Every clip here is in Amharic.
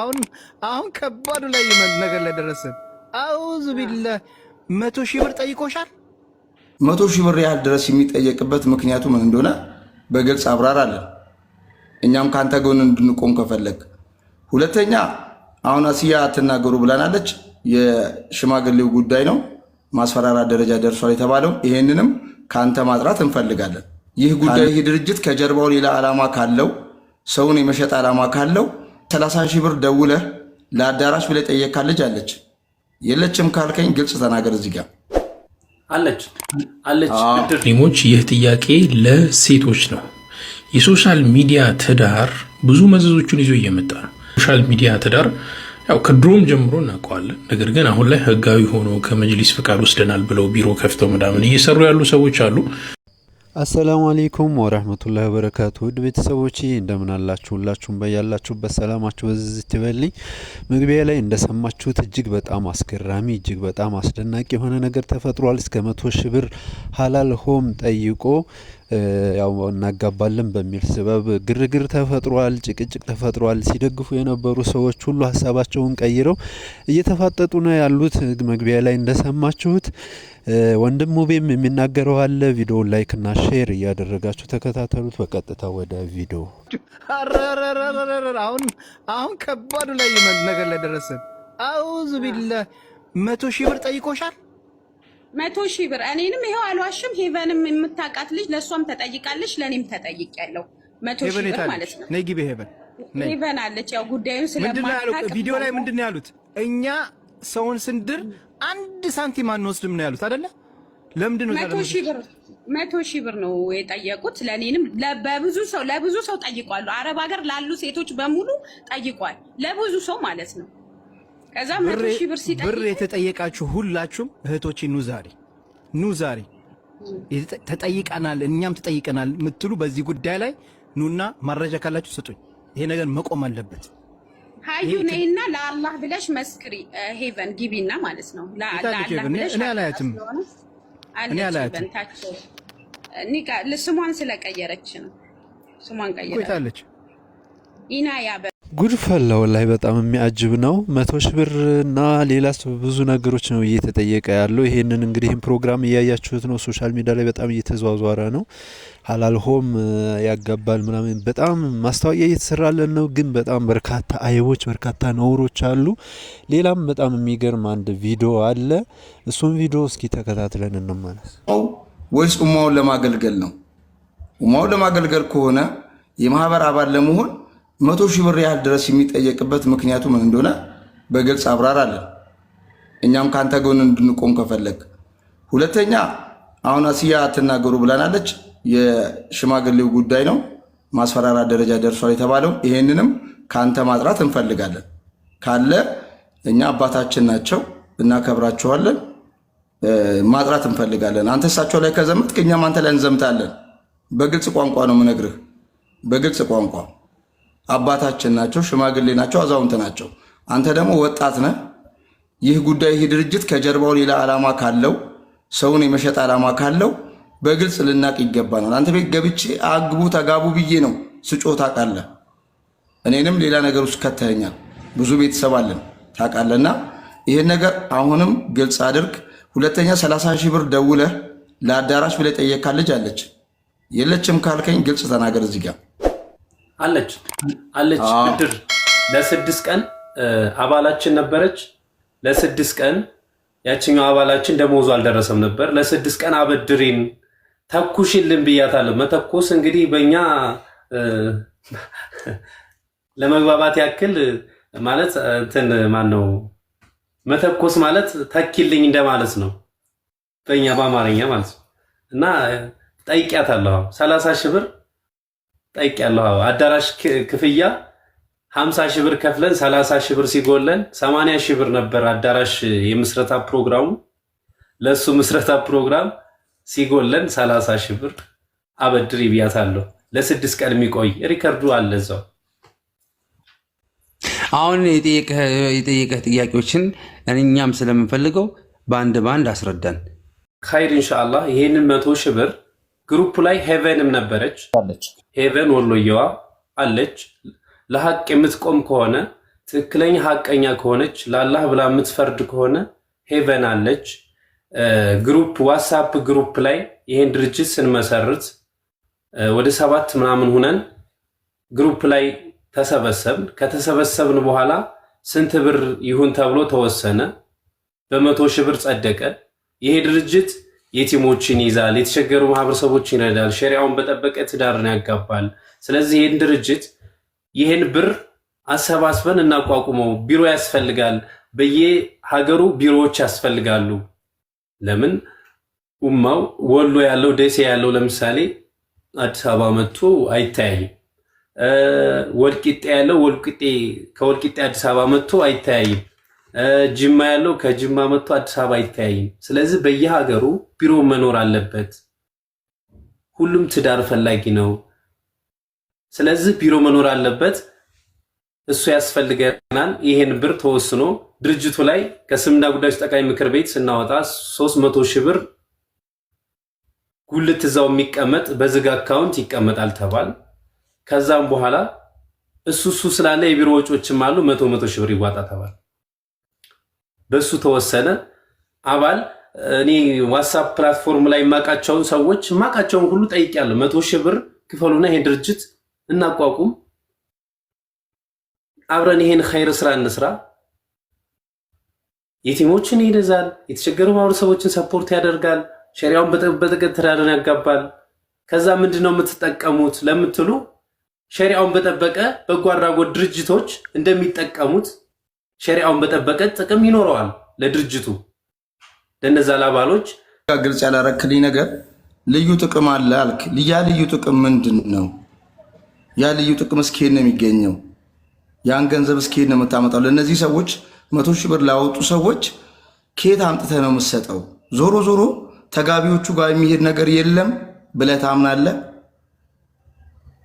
አሁን አሁን ከባዱ ላይ ነገር ላይ ደረስን። አውዝ ቢላ መቶ ሺህ ብር ጠይቆሻል። መቶ ሺህ ብር ያህል ድረስ የሚጠየቅበት ምክንያቱ ምን እንደሆነ በግልጽ አብራራለን እኛም ከአንተ ጎን እንድንቆም ከፈለግ። ሁለተኛ አሁን አስያ አትናገሩ ብላናለች። የሽማግሌው ጉዳይ ነው ማስፈራራት ደረጃ ደርሷል የተባለው። ይሄንንም ከአንተ ማጥራት እንፈልጋለን። ይህ ጉዳይ ይህ ድርጅት ከጀርባው ሌላ ዓላማ ካለው ሰውን የመሸጥ ዓላማ ካለው 30 ሺህ ብር ደውለህ ለአዳራሽ ብለ ጠየካት ልጅ አለች የለችም ካልከኝ ግልጽ ተናገር። እዚህ ጋር አለች አለች። ሙስሊሞች ይህ ጥያቄ ለሴቶች ነው። የሶሻል ሚዲያ ትዳር ብዙ መዘዞቹን ይዞ እየመጣ ነው። ሶሻል ሚዲያ ትዳር ያው ከድሮም ጀምሮ እናውቀዋለን። ነገር ግን አሁን ላይ ህጋዊ ሆኖ ከመጅሊስ ፍቃድ ወስደናል ብለው ቢሮ ከፍተው ምናምን እየሰሩ ያሉ ሰዎች አሉ። አሰላሙ አሌይኩም ወረህመቱላሂ ወበረካቱ ውድ ቤተሰቦች እንደምን አላችሁ? ሁላችሁም በያላችሁበት ሰላማችሁ በዝዝ ትበልኝ። መግቢያ ላይ እንደሰማችሁት እጅግ በጣም አስገራሚ እጅግ በጣም አስደናቂ የሆነ ነገር ተፈጥሯል። እስከ መቶ ሺህ ብር ሀላል ሆም ጠይቆ ያው እናጋባለን በሚል ስበብ ግርግር ተፈጥሯል፣ ጭቅጭቅ ተፈጥሯል። ሲደግፉ የነበሩ ሰዎች ሁሉ ሀሳባቸውን ቀይረው እየተፋጠጡ ነው ያሉት። መግቢያ ላይ እንደሰማችሁት ወንድም ሙቤም የሚናገረው አለ። ቪዲዮውን ላይክና ሼር እያደረጋችሁ ተከታተሉት። በቀጥታ ወደ ቪዲዮ። አሁን አሁን ከባዱ ላይ ነገር ላይ ደረሰን። አውዙ ቢላ መቶ ሺህ ብር ጠይቆሻል መቶ ሺህ ብር እኔንም ይሄው አልዋሽም። ሄቨንም የምታውቃት ልጅ ለእሷም ተጠይቃለች፣ ለእኔም ተጠይቄያለሁ። መቶ ሺህ ብር ማለት ነው። ነይ ግቢ ሄቨን ሄቨን አለች። ያው ጉዳዩን ስለማታውቅ ቪዲዮ ላይ ምንድን ነው ያሉት? እኛ ሰውን ስንድር አንድ ሳንቲም አንወስድም ነው ያሉት አይደለ? ለምንድን ነው መቶ ሺህ ብር መቶ ሺህ ብር ነው የጠየቁት። ለእኔንም በብዙ ሰው ለብዙ ሰው ጠይቋሉ። አረብ ሀገር ላሉ ሴቶች በሙሉ ጠይቋል። ለብዙ ሰው ማለት ነው መቶ ሺህ ብር ሲጠይቅ ብር የተጠየቃችሁ ሁላችሁም እህቶቼ ኑ ዛሬ ኑ ዛሬ ተጠይቀናል፣ እኛም ተጠይቀናል የምትሉ በዚህ ጉዳይ ላይ ኑና ማረጃ ካላችሁ ስጡኝ። ይሄ ነገር መቆም አለበት። ሀዩ ነይና ለአላህ ብለሽ መስክሪ። ሄቨን ግቢና ማለት ነው። እኔ አላያትም፣ እኔ አላያትም። ስሟን ስለቀየረች ነው። ስሟን ቀየረች። ቆይታለች ኢና ያ ፈላው ላይ በጣም የሚያጅብ ነው። መቶ ሺህ ብር እና ሌላስ ብዙ ነገሮች ነው እየተጠየቀ ያለው። ይሄንን እንግዲህ ይህን ፕሮግራም እያያችሁት ነው። ሶሻል ሚዲያ ላይ በጣም እየተዟዟረ ነው። ሀላል ሆም ያጋባል ምናምን በጣም ማስታወቂያ እየተሰራለን ነው። ግን በጣም በርካታ አይቦች፣ በርካታ ነውሮች አሉ። ሌላም በጣም የሚገርም አንድ ቪዲዮ አለ። እሱን ቪዲዮ እስኪ ተከታትለን እንመለስ። ወይስ ኡማውን ለማገልገል ነው? ኡማውን ለማገልገል ከሆነ የማህበር አባል ለመሆን መቶ ሺህ ብር ያህል ድረስ የሚጠየቅበት ምክንያቱ ምን እንደሆነ በግልጽ አብራራለን እኛም ከአንተ ጎን እንድንቆም ከፈለግ። ሁለተኛ አሁን አስያ አትናገሩ ብላናለች። የሽማግሌው ጉዳይ ነው ማስፈራራት ደረጃ ደርሷል የተባለው። ይሄንንም ከአንተ ማጥራት እንፈልጋለን ካለ እኛ አባታችን ናቸው፣ እናከብራችኋለን። ማጥራት እንፈልጋለን። አንተ እሳቸው ላይ ከዘመትክ እኛም አንተ ላይ እንዘምታለን። በግልጽ ቋንቋ ነው ምነግርህ፣ በግልጽ ቋንቋ አባታችን ናቸው፣ ሽማግሌ ናቸው፣ አዛውንት ናቸው። አንተ ደግሞ ወጣት ነህ። ይህ ጉዳይ ይህ ድርጅት ከጀርባው ሌላ ዓላማ ካለው ሰውን የመሸጥ ዓላማ ካለው በግልጽ ልናቅ ይገባናል። አንተ ቤት ገብቼ አግቡ ተጋቡ ብዬ ነው ስጮህ ታውቃለህ። እኔንም ሌላ ነገር ውስጥ ከተኸኛል። ብዙ ቤተሰብ አለን ታውቃለህ። ይህን ነገር አሁንም ግልጽ አድርግ። ሁለተኛ 30 ሺህ ብር ደውለህ ለአዳራሽ ብለህ ጠየካ ልጅ አለች የለችም ካልከኝ ግልጽ ተናገር እዚህ ጋር አለች አለች ብድር ለስድስት ቀን አባላችን ነበረች። ለስድስት ቀን ያችኛው አባላችን ደሞዙ አልደረሰም ነበር። ለስድስት ቀን አበድሬን ተኩሽልን ብያታለሁ። መተኮስ እንግዲህ በእኛ ለመግባባት ያክል ማለት እንትን ማን ነው መተኮስ ማለት ተኪልኝ እንደማለት ነው፣ በእኛ በአማርኛ ማለት ነው። እና ጠይቂያታለሁ ሰላሳ ሺህ ብር ጠይቅ ያለው አዳራሽ ክፍያ ሀምሳ ሺህ ብር ከፍለን ሰላሳ ሺህ ብር ሲጎለን ሰማንያ ሺህ ብር ነበር አዳራሽ የምስረታ ፕሮግራሙ። ለእሱ ምስረታ ፕሮግራም ሲጎለን ሰላሳ ሺህ ብር አበድር ይብያታለሁ። ለስድስት ቀን የሚቆይ ሪከርዱ አለ እዛው። አሁን የጠየቀህ ጥያቄዎችን እኛም ስለምንፈልገው በአንድ በአንድ አስረዳን። ካይር ኢንሻአላህ ይህንን መቶ ሺህ ብር ግሩፕ ላይ ሄቨንም ነበረች። ሄቨን ወሎየዋ አለች። ለሀቅ የምትቆም ከሆነ ትክክለኛ ሀቀኛ ከሆነች ለአላህ ብላ የምትፈርድ ከሆነ ሄቨን አለች። ግሩፕ ዋትሳፕ ግሩፕ ላይ ይሄን ድርጅት ስንመሰርት ወደ ሰባት ምናምን ሁነን ግሩፕ ላይ ተሰበሰብን። ከተሰበሰብን በኋላ ስንት ብር ይሁን ተብሎ ተወሰነ። በመቶ ሺህ ብር ጸደቀ ይሄ ድርጅት የቲሞችን ይዛል፣ የተቸገሩ ማህበረሰቦችን ይረዳል፣ ሸሪያውን በጠበቀ ትዳርን ያጋባል። ስለዚህ ይህን ድርጅት ይህን ብር አሰባስበን እናቋቁመው። ቢሮ ያስፈልጋል፣ በየሀገሩ ቢሮዎች ያስፈልጋሉ። ለምን ኡማው ወሎ ያለው ደሴ ያለው ለምሳሌ አዲስ አበባ መጥቶ አይተያይም። ወልቂጤ ያለው ከወልቂጤ አዲስ አበባ መጥቶ አይተያይም። ጅማ ያለው ከጅማ መጥቶ አዲስ አበባ አይተያይም። ስለዚህ በየሀገሩ ቢሮ መኖር አለበት። ሁሉም ትዳር ፈላጊ ነው። ስለዚህ ቢሮ መኖር አለበት። እሱ ያስፈልገናል። ይሄን ብር ተወስኖ ድርጅቱ ላይ ከእስልምና ጉዳዮች ጠቅላይ ምክር ቤት ስናወጣ 300 መቶ ሺህ ብር ጉልት እዛው የሚቀመጥ በዝግ አካውንት ይቀመጣል ተባል። ከዛም በኋላ እሱ እሱ ስላለ የቢሮ ወጪዎችም አሉ መቶ መቶ ሺህ ብር ይዋጣ ተባል። በእሱ ተወሰነ። አባል እኔ ዋትሳፕ ፕላትፎርም ላይ የማውቃቸውን ሰዎች የማውቃቸውን ሁሉ ጠይቄያለሁ። መቶ ሺህ ብር ክፈሉና ይሄ ድርጅት እናቋቁም፣ አብረን ይሄን ኸይር ስራ እንስራ። የቲሞችን ይደዛል፣ የተቸገሩ ማህበረሰቦችን ሰፖርት ያደርጋል፣ ሸሪያውን በጠበጠቀት ትዳርን ያጋባል። ከዛ ምንድን ነው የምትጠቀሙት ለምትሉ ሸሪያውን በጠበቀ በጎ አድራጎት ድርጅቶች እንደሚጠቀሙት ሸሪያውን በጠበቀ ጥቅም ይኖረዋል ለድርጅቱ ለነዛ ላባሎች። ግልጽ ያላረክልኝ ነገር ልዩ ጥቅም አለ አልክ። ያ ልዩ ጥቅም ምንድን ነው? ያ ልዩ ጥቅም እስኪ ነው የሚገኘው? ያን ገንዘብ እስኪ ነው የምታመጣው? ለእነዚህ ሰዎች መቶ ሺህ ብር ላወጡ ሰዎች ከየት አምጥተ ነው የምትሰጠው? ዞሮ ዞሮ ተጋቢዎቹ ጋር የሚሄድ ነገር የለም ብለህ ታምናለህ።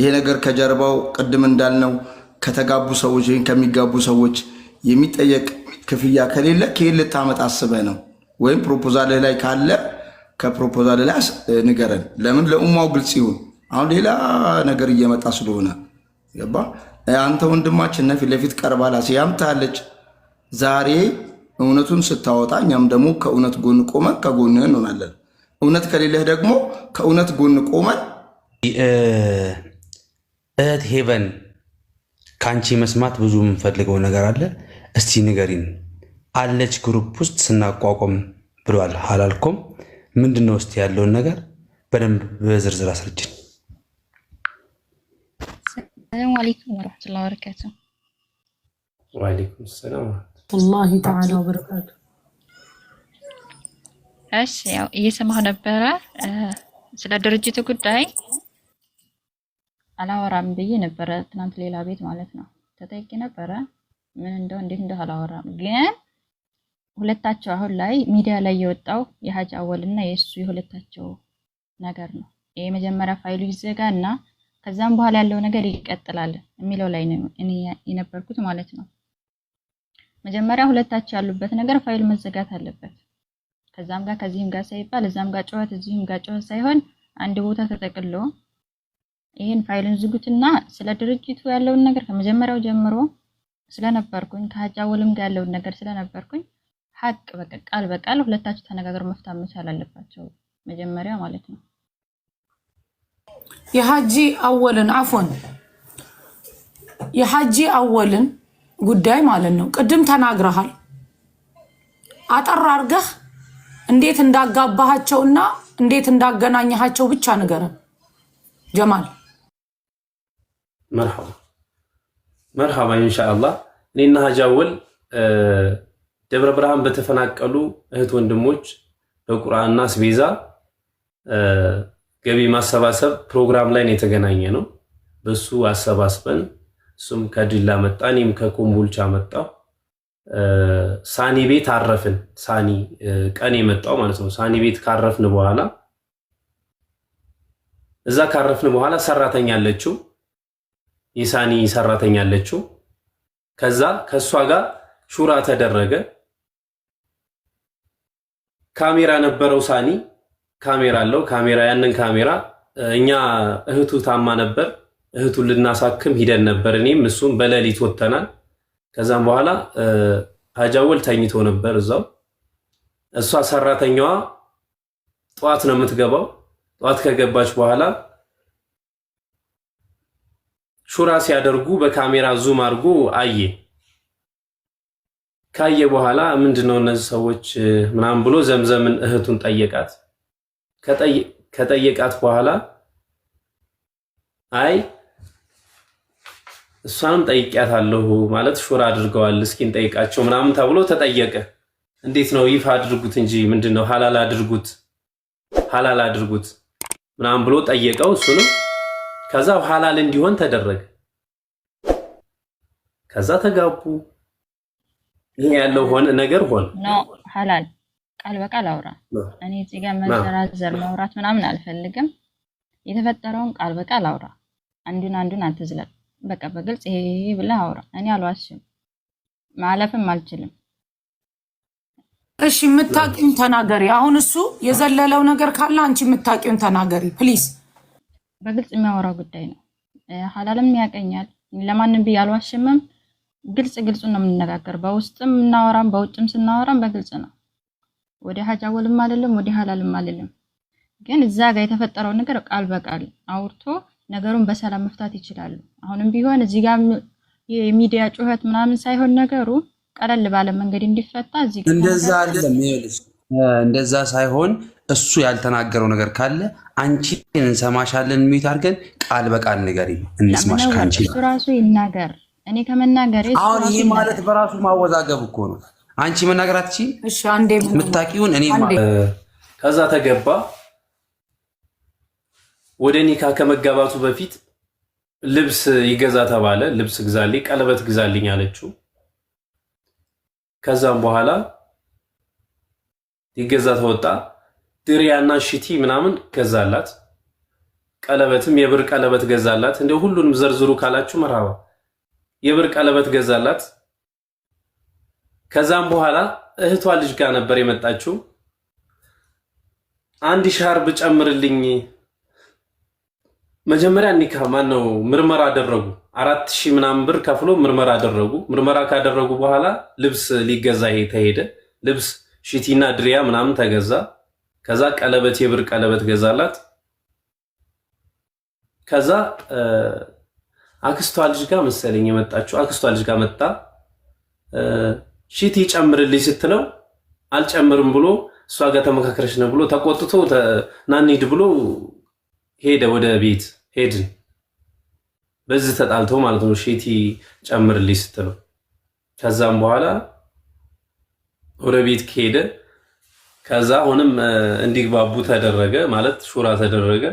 ይሄ ነገር ከጀርባው ቅድም እንዳልነው ከተጋቡ ሰዎች ወይም ከሚጋቡ ሰዎች የሚጠየቅ ክፍያ ከሌለ ከየት ልታመጣ አስበህ ነው? ወይም ፕሮፖዛል ላይ ካለ ከፕሮፖዛል ላይ ንገረን። ለምን ለኡማው ግልጽ ይሁን። አሁን ሌላ ነገር እየመጣ ስለሆነ ገባ። አንተ ወንድማችን ነህ፣ ፊት ለፊት ቀርባላ ሲያምታለች ዛሬ እውነቱን ስታወጣ እኛም ደግሞ ከእውነት ጎን ቆመን ከጎን እንሆናለን። እውነት ከሌለህ ደግሞ ከእውነት ጎን ቆመን እህት ሄቨን ከአንቺ መስማት ብዙ የምንፈልገው ነገር አለ። እስቲ ንገሪን አለች ግሩፕ ውስጥ ስናቋቋም ብሏል። አላልኩም ምንድን ነው እስቲ ያለውን ነገር በደንብ በዝርዝር አስረጅን። ሰላም አለይኩም ወራህመቱላሂ ወበረካቱ። ወአለይኩም ሰላም ወላሂ ተዓላ ወበረካቱ። እሺ ያው እየሰማሁ ነበረ። ስለ ድርጅቱ ጉዳይ አላወራም ብዬ ነበረ ትናንት ሌላ ቤት ማለት ነው ተጠይቄ ነበረ። ምን እንደው እንዴት እንደው አላወራም ግን ሁለታቸው አሁን ላይ ሚዲያ ላይ የወጣው የሀጅ አወል እና የእሱ የሁለታቸው ነገር ነው። ይሄ መጀመሪያ ፋይሉ ይዘጋ እና ከዛም በኋላ ያለው ነገር ይቀጥላል የሚለው ላይ ነው እኔ የነበርኩት ማለት ነው። መጀመሪያ ሁለታቸው ያሉበት ነገር ፋይሉ መዘጋት አለበት። ከዛም ጋር ከዚህም ጋር ሳይባል እዛም ጋር ጨዋት እዚህም ጋር ጨዋት ሳይሆን አንድ ቦታ ተጠቅሎ ይህን ፋይሉን ዝጉትና ስለ ድርጅቱ ያለውን ነገር ከመጀመሪያው ጀምሮ ስለነበርኩኝ ከሀጂ አወልም ጋር ያለውን ነገር ስለነበርኩኝ ሀቅ በቃ ቃል በቃል ሁለታችሁ ተነጋገር መፍታት መቻል አለባቸው መጀመሪያ ማለት ነው። የሀጂ አወልን አፎን የሀጂ አወልን ጉዳይ ማለት ነው። ቅድም ተናግረሃል። አጠር አድርገህ እንዴት እንዳጋባሃቸውና እንዴት እንዳገናኘሃቸው ብቻ ንገረን ጀማል። መርሃባ ኢንሻአላህ። እኔና ሀጃወል ደብረ ብርሃን በተፈናቀሉ እህት ወንድሞች በቁርአንና አስቤዛ ገቢ ማሰባሰብ ፕሮግራም ላይ የተገናኘ ነው። በሱ አሰባስበን እሱም ከዲላ መጣ፣ እኔም ከኮምቦልቻ መጣው። ሳኒ ቤት አረፍን። ሳኒ ቀን የመጣው ማለት ነው። ሳኒ ቤት ካረፍን በኋላ እዛ ካረፍን በኋላ ሰራተኛ አለችው የሳኒ ሰራተኛ አለችው። ከዛ ከእሷ ጋር ሹራ ተደረገ። ካሜራ ነበረው። ሳኒ ካሜራ አለው። ካሜራ ያንን ካሜራ እኛ እህቱ ታማ ነበር። እህቱን ልናሳክም ሂደን ነበር። እኔም እሱም በሌሊት ወጥተናል። ከዛም በኋላ ሀጃወል ተኝቶ ነበር እዛው። እሷ ሰራተኛዋ ጠዋት ነው የምትገባው። ጠዋት ከገባች በኋላ ሹራ ሲያደርጉ በካሜራ ዙም አድርጎ አየ። ካየ በኋላ ምንድነው እነዚህ ሰዎች ምናምን ብሎ ዘምዘምን እህቱን ጠየቃት። ከጠየቃት በኋላ አይ እሷንም ጠይቂያታለሁ ማለት ሹራ አድርገዋል፣ እስኪን ጠይቃቸው ምናምን ተብሎ ተጠየቀ። እንዴት ነው ይፋ አድርጉት እንጂ ምንድነው ሀላል አድርጉት ሀላል አድርጉት ምናምን ብሎ ጠየቀው እሱንም ከዛ ሐላል እንዲሆን ተደረገ። ከዛ ተጋቡ። ይሄ ያለው ሆነ ነገር ሆነ ሐላል ቃል በቃል አውራ። እኔ እዚህ ጋር መዘራዘር ማውራት ምናምን አልፈልግም። የተፈጠረውን ቃል በቃል አውራ። አንዱን አንዱን አትዝለል። በቃ በግልጽ ይሄ ብለ አውራ። እኔ አልዋሽም፣ ማለፍም አልችልም። እሺ የምታውቂውን ተናገሪ። አሁን እሱ የዘለለው ነገር ካለ አንቺ የምታውቂውን ተናገሪ ፕሊዝ። በግልጽ የሚያወራው ጉዳይ ነው። ሀላልም ያቀኛል ለማንም ብዬ አልዋሽምም። ግልጽ ግልጹ ነው የምንነጋገር። በውስጥም እናወራም በውጭም ስናወራም በግልጽ ነው። ወደ ሀጅ አወልም ወደ ሀላልም አልልም። ግን እዛ ጋር የተፈጠረው ነገር ቃል በቃል አውርቶ ነገሩን በሰላም መፍታት ይችላሉ። አሁንም ቢሆን እዚህ ጋር የሚዲያ ጩኸት ምናምን ሳይሆን ነገሩ ቀለል ባለ መንገድ እንዲፈታ እዚህ እንደዛ አይደለም። እንደዛ ሳይሆን እሱ ያልተናገረው ነገር ካለ አንቺን እንሰማሻለን የሚት አድርገን ቃል በቃል ንገሪ፣ እንስማሽ ከአንቺ ራሱ ይናገር። እኔ ከመናገር አሁን ይህ ማለት በራሱ ማወዛገብ እኮ ነው። አንቺ መናገር አትችይም። የምታውቂውን እኔ ከዛ ተገባ ወደ ኒካ ከመጋባቱ በፊት ልብስ ይገዛ ተባለ። ልብስ ግዛልኝ፣ ቀለበት ግዛልኝ አለችው። ከዛም በኋላ ይገዛ ተወጣ። ድሪያና ሽቲ ምናምን ገዛላት። ቀለበትም የብር ቀለበት ገዛላት። እንደ ሁሉንም ዘርዝሩ ካላችሁ መርሃባ የብር ቀለበት ገዛላት። ከዛም በኋላ እህቷ ልጅ ጋር ነበር የመጣችው። አንድ ሻርብ ጨምርልኝ። መጀመሪያ ኒካ ማን ነው ምርመራ አደረጉ። አራት ሺህ ምናምን ብር ከፍሎ ምርመራ አደረጉ። ምርመራ ካደረጉ በኋላ ልብስ ሊገዛ ተሄደ። ልብስ ሽቲና ድሪያ ምናምን ተገዛ። ከዛ ቀለበት የብር ቀለበት ገዛላት። ከዛ አክስቷ ልጅ ጋር መሰለኝ የመጣችው አክስቷ ልጅ ጋር መጣ። ሺቲ ጨምርልኝ ስትለው አልጨምርም ብሎ እሷ ጋር ተመካከረች ነው ብሎ ተቆጥቶ ናኒድ ብሎ ሄደ ወደ ቤት ሄድን። በዚህ ተጣልተው ማለት ነው ሺቲ ጨምርልኝ ስትለው ከዛም በኋላ ወደ ቤት ከሄደ ከዛ አሁንም እንዲግባቡ ተደረገ ማለት ሹራ ተደረገ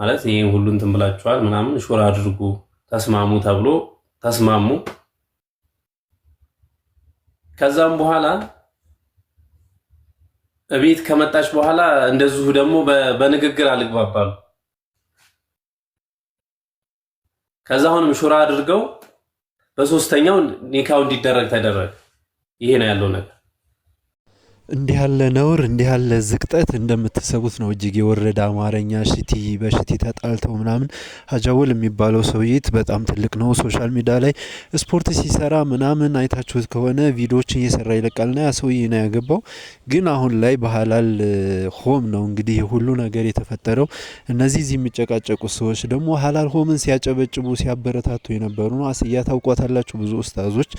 ማለት ይህ ሁሉ እንትን ብላችኋል ምናምን ሹራ አድርጉ ተስማሙ ተብሎ ተስማሙ። ከዛም በኋላ እቤት ከመጣች በኋላ እንደዚሁ ደግሞ በንግግር አልግባባሉ። ከዛ አሁንም ሹራ አድርገው በሶስተኛው ኒካው እንዲደረግ ተደረገ። ይሄ ነው ያለው ነገር። እንዲህ ያለ ነውር እንዲህ ያለ ዝቅጠት እንደምትሰቡት ነው። እጅግ የወረደ አማርኛ ሽቲ በሽቲ ተጣልተው ምናምን ሀጃውል የሚባለው ሰውዬት በጣም ትልቅ ነው። ሶሻል ሚዲያ ላይ ስፖርት ሲሰራ ምናምን አይታችሁት ከሆነ ቪዲዮዎችን እየሰራ ይለቃልና ያ ሰውዬ ነው ያገባው። ግን አሁን ላይ በሀላል ሆም ነው እንግዲህ ሁሉ ነገር የተፈጠረው። እነዚህ እዚህ የሚጨቃጨቁት ሰዎች ደግሞ ሀላል ሆምን ሲያጨበጭቡ ሲያበረታቱ የነበሩ ነው። አስያ ታውቋታላችሁ። ብዙ ኡስታዞች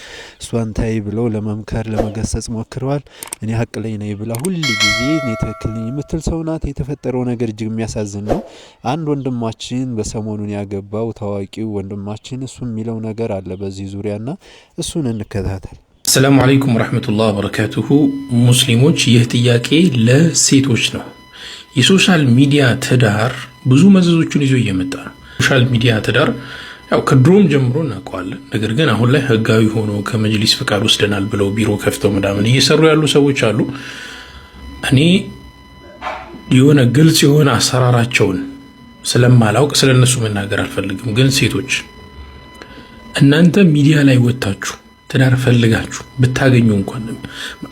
እሷን ታይ ብለው ለመምከር ለመገሰጽ ሞክረዋል። እኔ ሀቅ ትክክለኝ ነኝ ብላ ሁል ጊዜ እኔ ትክክል የምትል ሰው ናት። የተፈጠረው ነገር እጅግ የሚያሳዝን ነው። አንድ ወንድማችን በሰሞኑን ያገባው ታዋቂው ወንድማችን እሱ የሚለው ነገር አለ በዚህ ዙሪያና እሱን እንከታተል። ሰላሙ አለይኩም ወረህመቱላህ ወበረካቱሁ። ሙስሊሞች፣ ይህ ጥያቄ ለሴቶች ነው። የሶሻል ሚዲያ ትዳር ብዙ መዘዞቹን ይዞ እየመጣ ነው። ሶሻል ሚዲያ ትዳር ያው ከድሮም ጀምሮ እናውቀዋለን። ነገር ግን አሁን ላይ ህጋዊ ሆኖ ከመጅሊስ ፍቃድ ወስደናል ብለው ቢሮ ከፍተው ምናምን እየሰሩ ያሉ ሰዎች አሉ። እኔ የሆነ ግልጽ የሆነ አሰራራቸውን ስለማላውቅ ስለ እነሱ መናገር አልፈልግም። ግን ሴቶች እናንተ ሚዲያ ላይ ወጥታችሁ ትዳር ፈልጋችሁ ብታገኙ እንኳን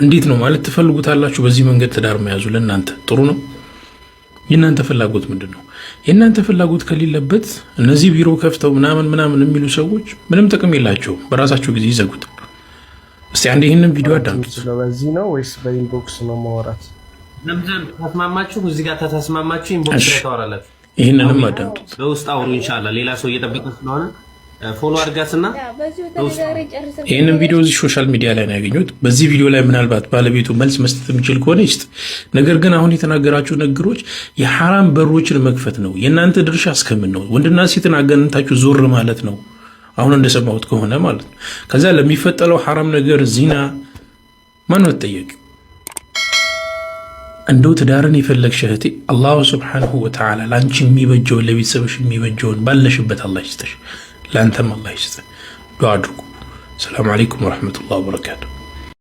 እንዴት ነው ማለት ትፈልጉታላችሁ? በዚህ መንገድ ትዳር መያዙ ለእናንተ ጥሩ ነው? የእናንተ ፍላጎት ምንድን ነው? የእናንተ ፍላጎት ከሌለበት እነዚህ ቢሮ ከፍተው ምናምን ምናምን የሚሉ ሰዎች ምንም ጥቅም የላቸው። በራሳቸው ጊዜ ይዘጉት። እስቲ አንድ ይህንን ቪዲዮ አዳምጡት። በዚህ ነው ወይስ በኢንቦክስ ነው ማውራት? ተስማማችሁ? እዚህ ጋር ተስማማችሁ? ኢንቦክስ ላይ ታወራላችሁ። ይህንንም አዳምጡት። በውስጥ አውሩ። ኢንሻላህ ሌላ ሰው እየጠበቀ ስለሆነ ፎሎ አድርጋትና ይህንን ቪዲዮ እዚህ ሶሻል ሚዲያ ላይ ነው ያገኙት። በዚህ ቪዲዮ ላይ ምናልባት ባለቤቱ መልስ መስጠት የሚችል ከሆነ ይስጥ። ነገር ግን አሁን የተናገራችሁ ንግግሮች የሐራም በሮችን መክፈት ነው። የእናንተ ድርሻ እስከምን ነው? ወንድና ሴትን አገንታችሁ ዞር ማለት ነው። አሁን እንደሰማሁት ከሆነ ማለት ነው። ከዚያ ለሚፈጠለው ሐራም ነገር ዚና ማን መጠየቅ እንደው ትዳርን የፈለግሽ እህቴ አላሁ ስብሓንሁ ወተዓላ ለአንቺ የሚበጀውን ለቤተሰብሽ የሚበጀውን ባለሽበት አላህ ይስጥሽ። لأن ثم الله يجزاك دعاء السلام عليكم ورحمة الله وبركاته